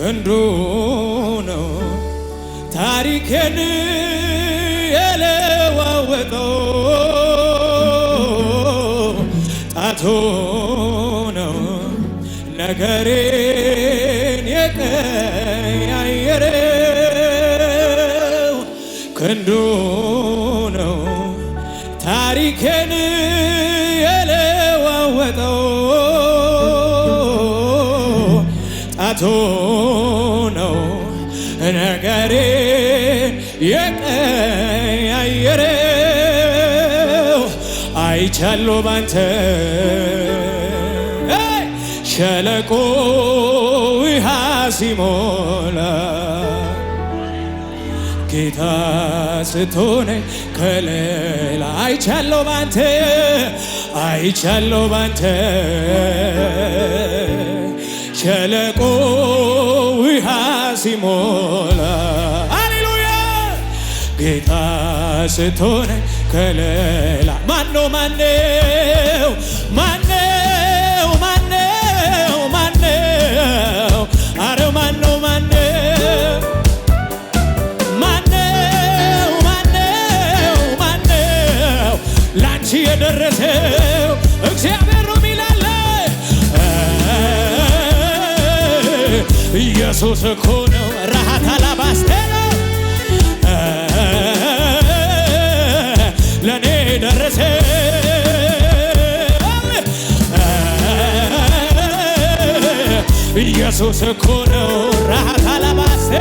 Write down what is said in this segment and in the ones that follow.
ክንዱ ነው ታሪኬን የለዋወጠው ጣቱ ነው ነገሬን የቀያየረው ክንዱ ነው ታሪኬን የለዋወጠው ጣቱ ጸንቻለሁ ባንተ ሸለቆ ውሃ ሲሞላ ጌታ ስትሆነ ከለላ አይቻለሁ ባንተ አይቻለሁ ባንተ ሸለቆ ውሃ ሲሞላ አሌሉያ ጌታ ስትሆነ ከለላ ማነው ማነው ማነው ማነው ማነው አረ ማነው ማነው ማነው ማነው ማነው ላንቺ የደረሰው እግዚአብሔር ነው ሚላለ ኢየሱስ እኮ ነው ኢየሱስ እኮ ነው ራሃት አላባሴ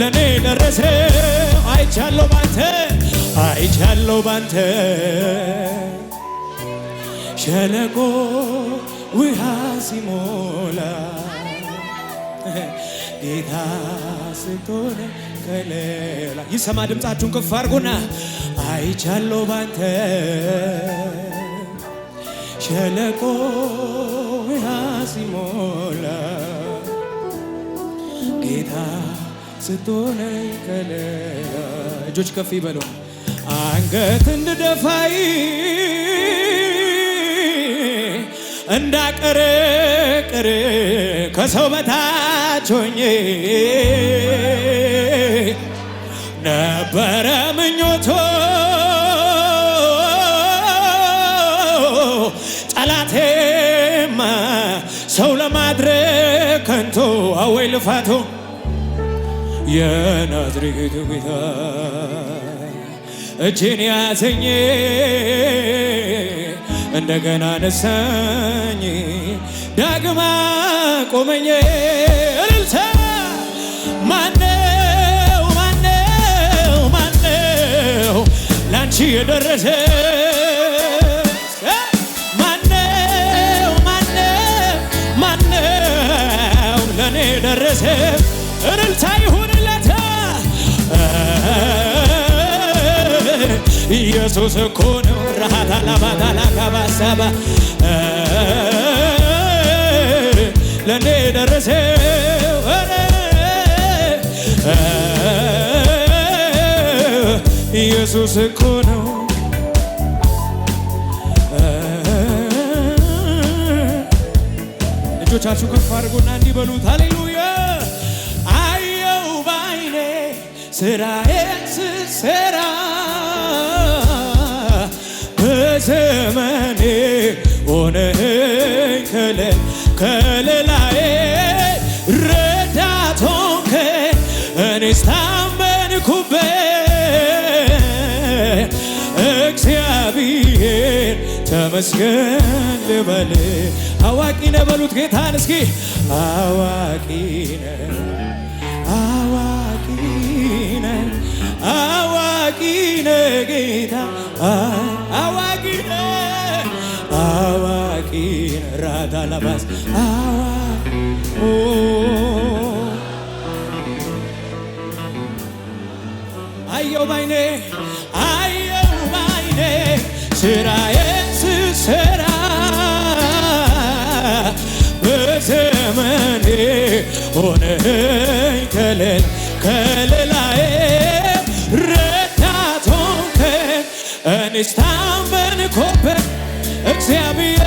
ለእኔ ደረሰ። አይቻለሁ ባንተ አይቻለሁ ባንተ ሸለቆ ውሃ ሲሞላ ጌታ ስትሆነ ከሌላ ይሰማ ድምፃችሁን ከፍ አድርጉና አይቻለሁ ባንተ ሸለቆ ያሲሞላ ጌታ ስትሆነኝ ከለላ እጆች ከፍ ይበሉ አንገት እንድደፋይ እንዳቀረቅር ከሰው በታች ሆኜ ነበረ ምኞቶ ልፋቱ የናዝሬቱ ጌታ እጄን ያዘኝ እንደገና ነሳኝ ዳግማ ቆመኝ እልልታ ማነው ማነው ማነው ላንቺ የደረሰ እልልታ ይሁንለት ኢየሱስ እኮ ነው ራሃታላባታላካባሰባ ለእኔ ደረሰው ኢየሱስ እኮ ነው እጆቻችሁ ከፍ አድርጎና እንዲበሉት አሌሉ ስራዬን ስሰራ በዘመኔ ሆነኝ ከለላዬ ረዳት ሆንከ እኔስ ታመንኩበት እግዚአብሔር ተመስገን ልበል። አዋቂ ነበሉት ጌታን እስኪ አዋቂ ነ አዋቂ ነጌታ አዋቂ አዋቂ ራታ ለባስ አዋ አየው ባይኔ አየው ባይኔ ስራዬን ስሰራ በዘመኔ ሆነኝ ከለል ከለላዬ በደስታም በንኮበት እግዚአብሔር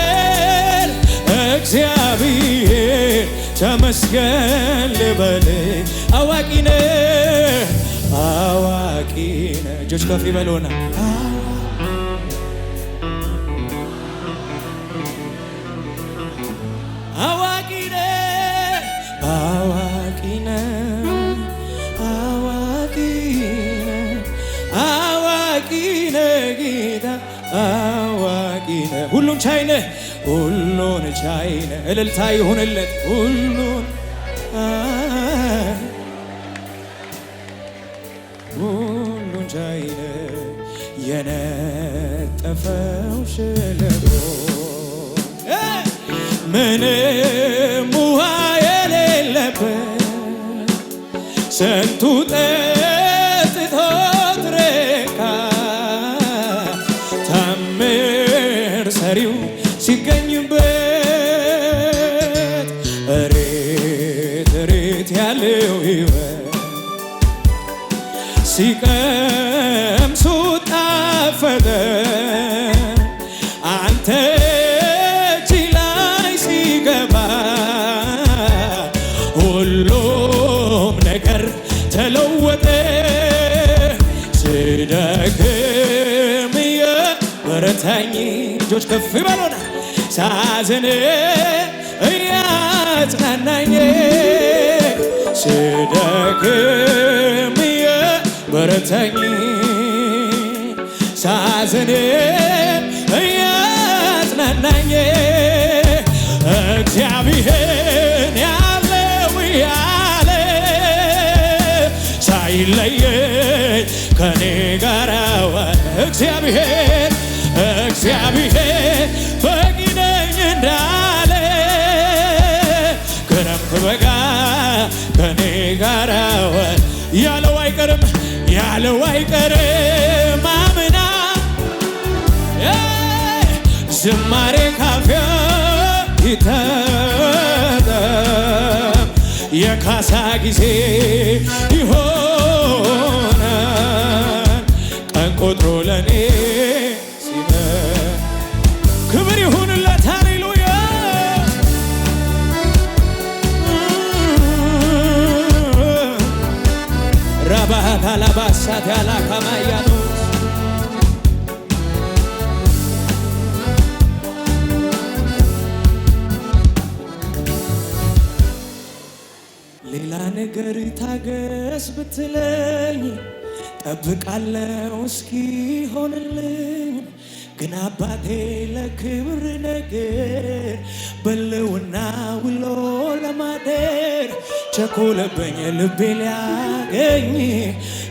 እግዚአብሔር ተመስገን ልበል። አዋቂ አዋቂ እጆች ከፍ አዋ ቻይ ነህ፣ ሁሉን ቻይ ነህ። እልልታ ይሁንለት ሁሉን ሁሉን ቻይ ነህ። የነጠፈው ሸለቆ ምንም ውሃ የሌለበት ስንቱ ሰዎች ከፍ በሉና ሳዝን እያጽናናኝ ስደክም እየበረታኝ ሳዝን እያጽናናኝ እግዚአብሔር ያለው ያለ ሳይለየኝ ከኔ ጋራ እግዚአብሔር እግዚአብሔር በቂነኝ እንዳለ ክረምት በጋ ከኔ ጋር ያለው አይቀርም ያለው አይቀርም አምና ዝማሬ ካፌ የካሳ ጊዜ ይሆናል ቀን ቆጥሮ ለኔ አላባሳት ያላካማያኖ ሌላ ነገር ታገስ ብትለኝ ጠብቃለው እስኪሆንልኝ ግን አባቴ ለክብር ነገር በልውና ውሎ ለማደር ቸኮለበኝ ልቤ ሊያገኝ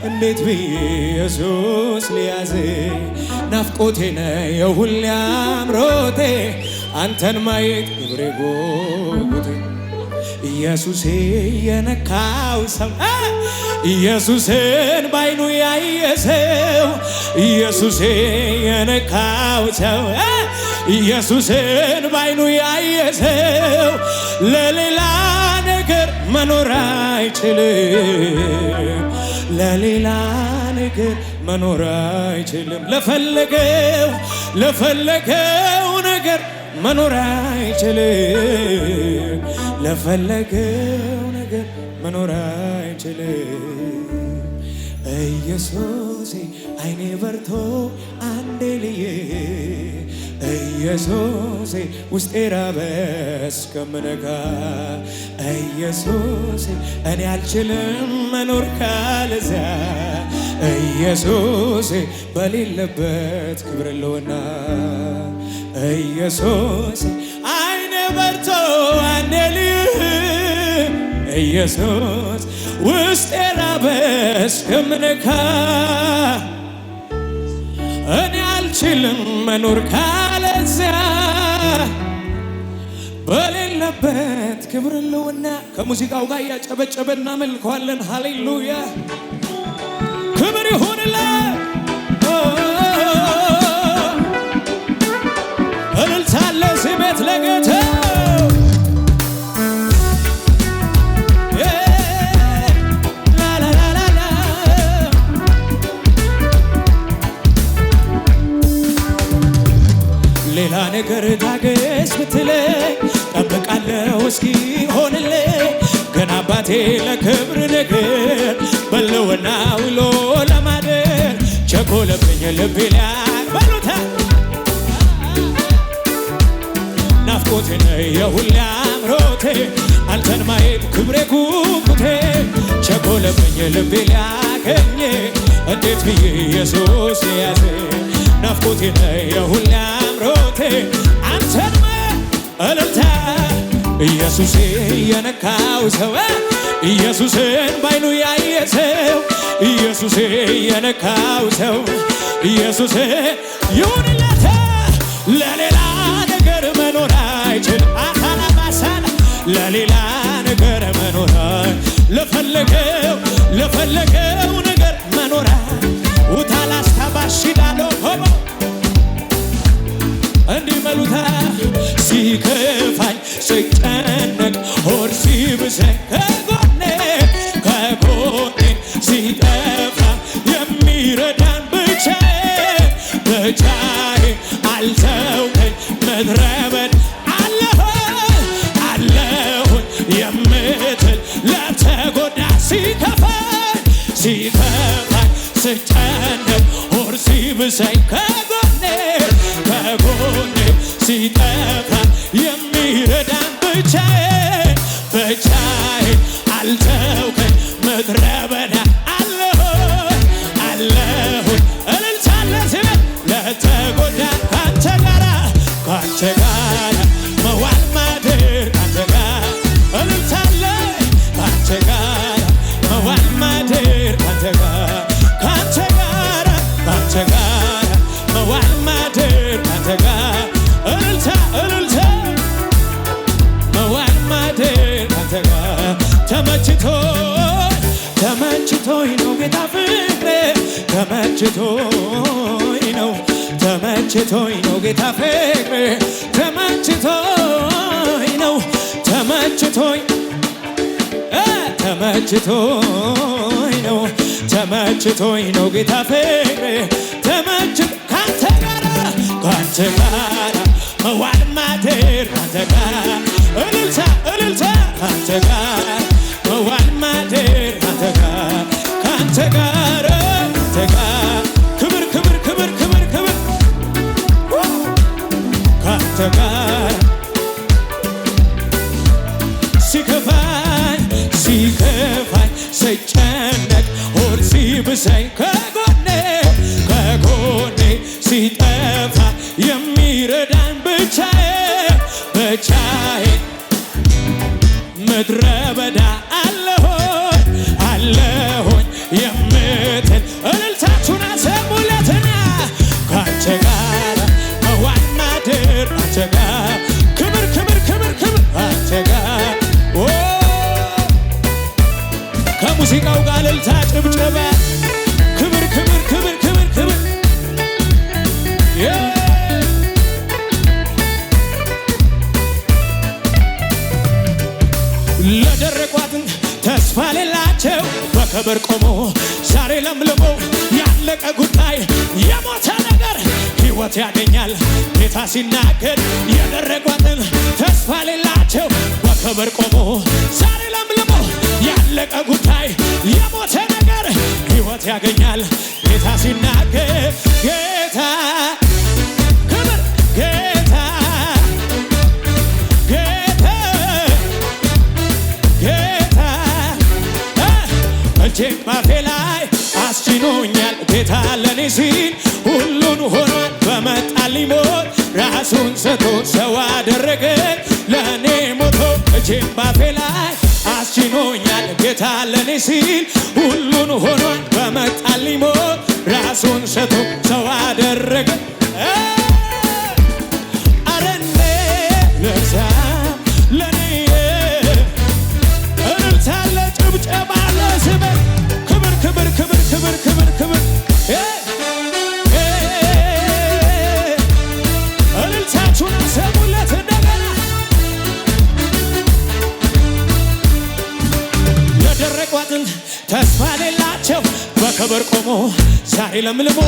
እንዴት ብዬ ኢየሱስ ሊያዝ ናፍቆቴ ነ የሁሌ አምሮቴ አንተን ማየት ግብሬ ጉጉቴ ኢየሱሴ የነካው ሰው ኢየሱስን ባይኑ ያየ ሰው ኢየሱሴ የነካው ሰው ኢየሱስን ባይኑ ያየ ለሌላ መኖር አይችልም፣ ለሌላ ነገር መኖር አይችልም። ለፈለገው ለፈለገው ነገር መኖር አይችልም፣ ለፈለገው ነገር መኖር አይችልም። ኢየሱሴ አይኔ በርቶ አንዴ ልዬ ኢየሱሴ ውስጤ ራበ እስከምነጋ ኢየሱሴ እኔ አልችልም መኖር ካለዚያ ኢየሱሴ በሌለበት ክብር ለውና ኢየሱሴ አይነ በርቶ አነል ኢየሱስ ውስጤ ራበ እስከምነጋ እኔ አልችልም መኖር ያለበት ክብር ልውና ከሙዚቃው ጋር እያጨበጨበ እናመልከዋለን። ሃሌሉያ ክብር ይሁንለት። እልልታለ ስሜት ቤት ለጌታ ሌላ ነገር ታገስ ብትለኝ ጠብቃለሁ እስኪሆንልኝ ገና አባቴ ለክብር ነገር በለውና ውሎ ለማደር ቸኮለብኝ ልቤ ሊያበሉታ ናፍቆቴን የሁሌ አምሮቴ አንተን ማየት ክብሬ ጉጉቴ ቸኮለብኝ ልቤ ሊያገኘ እንዴት ብዬ ኢየሱስ ያዘ ናፍቆቴ ለየሁላ አምሮቴ አንተንማ እልልታ ኢየሱሴ የነካው ሰው ኢየሱስን ባይኑ ያየ ሰው ኢየሱሴ የነካው ሰው ኢየሱሴ ይሁንለታ ለሌላ ነገር መኖር አይችል አታላባሳል ለሌላ ነገር መኖር ለፈለገው ለፈለገው ነገር መኖር ባሽዳሎ ሆኖ እንዲህ መሉታ ሲከፋኝ ስጨነቅ ሆድ ሲብሰኝ ተመችቶኝ ነው ጌታ ፍቅር ተመችቶኝ ነው ተመችቶኝ ተመችቶኝ ነው ተመችቶኝ ነው ጌታ ፍቅር ተመች ካንተ ጋራ ካንተ ጋራ መዋል ማደር ካንተ ጋራ እልልታ እልልታ ካንተ ጋራ ተስፋ ሌላቸው በክብር ቆሞ ዛሬ ለምልሞ ያለቀ ጉዳይ የሞተ ነገር ሕይወት ያገኛል ጌታ ሲናገር የደረጓትን ተስፋ ሌላቸው በክብር ቆሞ ዛሬ ለምልሞ ያለቀ ጉዳይ የሞተ ነገር ሕይወት ያገኛል ጌታ ሲናገር ጌታ አድኖኛል ጌታ ለኔ ሲል ሁሉን ሆኗል በመጣልኝ ሞት ራሱን ሰቶ ሰው አደረገ ለእኔ ሞቶ እጄን ባፌ ላይ አስችኖኛል ጌታ ለኔ ሲል ሁሉን ሆኗል በመጣልኝ ሞት ራሱን ሰቶ ሰው አደረገ ከበር ቆሞ ዛሬ ለምልሞ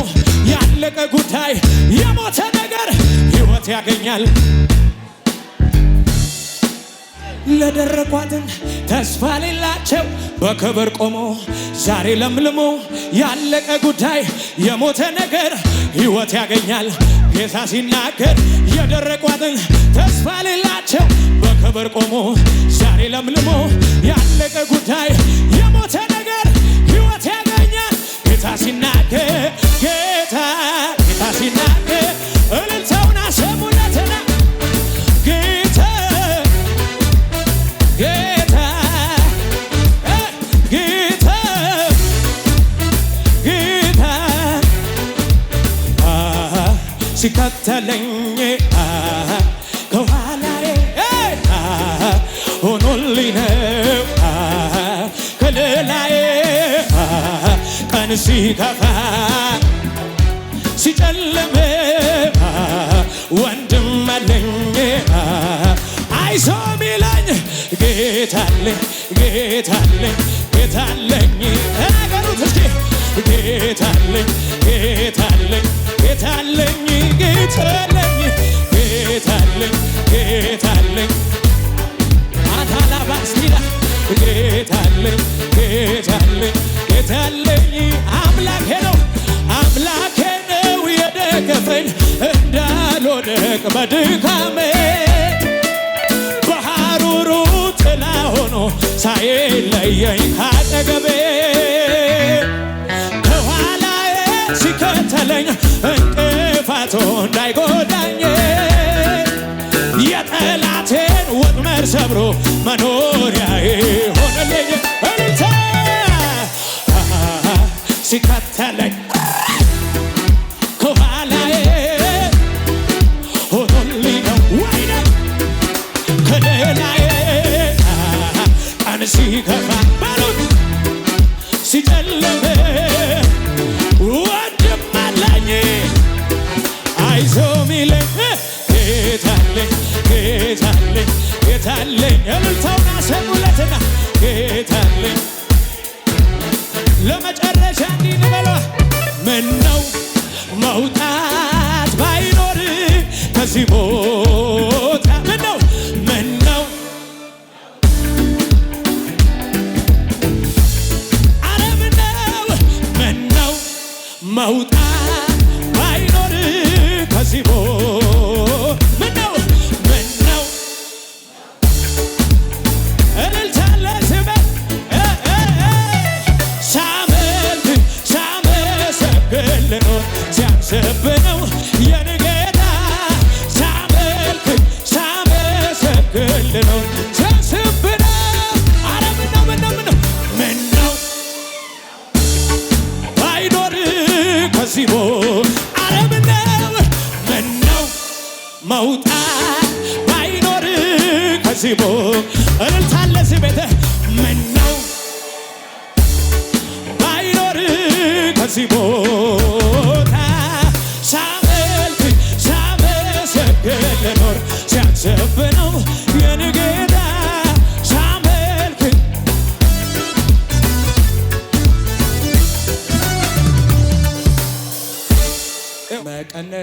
ያለቀ ጉዳይ የሞተ ነገር ሕይወት ያገኛል። ለደረቋትን ተስፋ ሌላቸው በክብር ቆሞ ዛሬ ለምልሞ ያለቀ ጉዳይ የሞተ ነገር ሕይወት ያገኛል። ጌታ ሲናገር የደረቋትን ተስፋ ሌላቸው በክብር ቆሞ ዛሬ ለምልሞ ያለቀ ጉዳይ የሞተ ጌታ ሲናገር ጌታ ጌታ ሲናገር እልልታውን አሰሙለትና ጌታ ጌታ ጌታ ጌታ ሲከተለኝ ቀን ሲከፋ ሲጨልም ወንድም አለኝ አይዞ ሚለኝ ጌታለኝ ጌታለኝ ጌታለኝ ገሩት እስኪ ጌታለኝ ጌታለኝ ጌታለኝ ጌታለኝ ጌታለኝ ጌታለኝ ጌታለኝ ጌታለኝ ያለኝ አምላኬ ነው አምላኬ ነው የደገፈኝ እንዳልወድቅ በድካሜ በሐሩሩ ጥላ ሆኖ ሳይለየኝ ካጠገቤ ከኋላዬ ሲከተለኝ እንቅፋቶ እንዳይጎዳኝ የጠላቴን ወጥመድ ሰብሮ መኖሪያዬ ሆነልኝ Сикат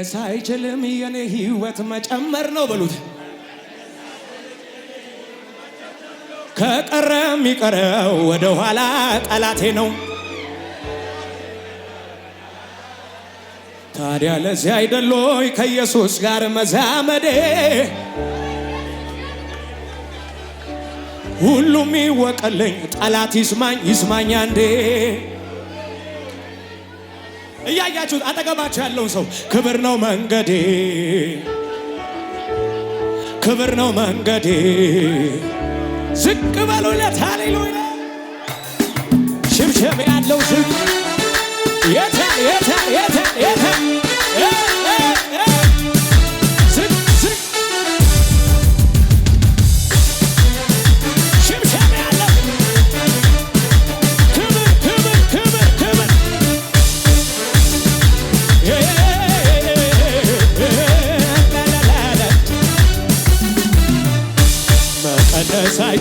መቀነስ አይችልም የኔ ህይወት መጨመር ነው በሉት። ከቀረ የሚቀረው ወደኋላ ኋላ ጠላቴ ነው። ታዲያ ለዚህ አይደሎይ ከኢየሱስ ጋር መዛመዴ ሁሉም ይወቀልኝ ጠላት ይስማኝ ይስማኛ አንዴ። እያያችሁት አጠገባችሁ ያለውን ሰው ክብር ነው መንገዴ፣ ክብር ነው መንገዴ። ዝቅ በሉለት፣ ሃሌሉያ! ሽብሸብ ያለው ዝቅ የታ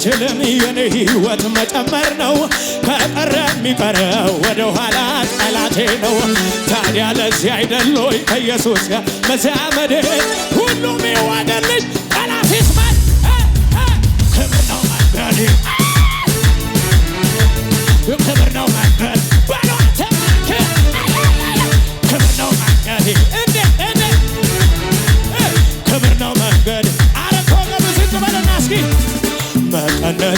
አልችልም የኔ ህይወት መጨመር ነው ከቀረ የሚቀረው ወደ ኋላ ጠላቴ ነው። ታዲያ ለዚህ አይደሎይ ከኢየሱስ ጋር መዛመዴ ሁሉም የዋደ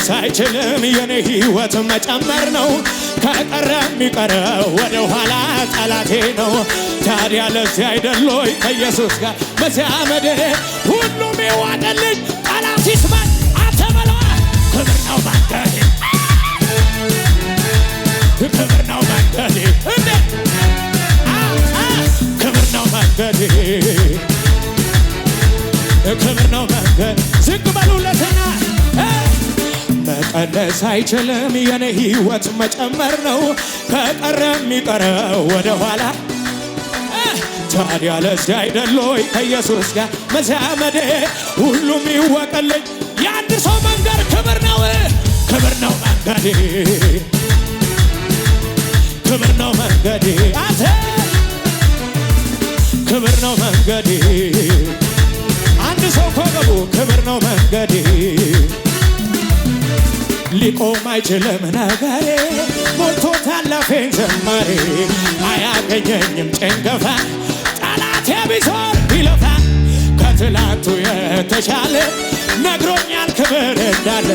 መቀነስ አይችልም። የኔ ህይወት መጨመር ነው። ከቀረ የሚቀረው ወደ ኋላ ጠላቴ ነው። ታዲያ ለዚህ አይደሎይ ከኢየሱስ ጋር በዚያ መድን ሁሉም ይዋደልኝ ጠላት ይስማል። አንተ ክብር ነው ባንተሌ ክብር ነው ባንተሌ እንዴ ክብር ነው ባንተሌ ክብር ነው ባንተ ዝግ በሉለት መቀነስ አይችልም የኔ ህይወት መጨመር ነው። ከቀረ የሚቀረው ወደኋላ ኋላ ታዲያ ለዚህ አይደሎይ ከኢየሱስ ጋር መዛመዴ ሁሉም ይወቀልኝ። የአንድ ሰው መንገድ ክብር ነው፣ ክብር ነው መንገዴ አይችልም ነገሬ ሞልቶ ታላፌን ዘማሬ አያገኘኝም ጭንገፋ ጠላቴ ቢዞር ቢለፋ ከትላንቱ የተሻለ ነግሮኛል ክብር እንዳለ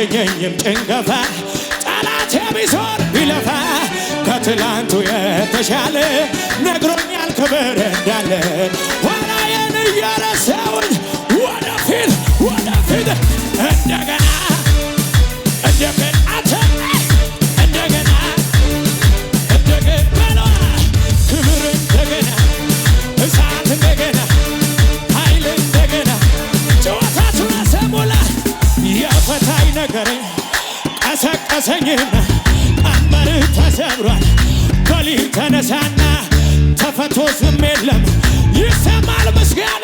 አልተገኘም ጭንገፋ ጠላት የሚዞር ቢለፋ ከትላንቱ የተሻለ ነግሮኛል ክብር እንዳለ ኋላዬን እየረሳሁኝ ወደፊት ወደፊት እንደገና ዳሰኝና ቀንበር ተሰብሯል። በሊ ተነሳና ተፈቶ ስም የለም ይሰማል ምስጋና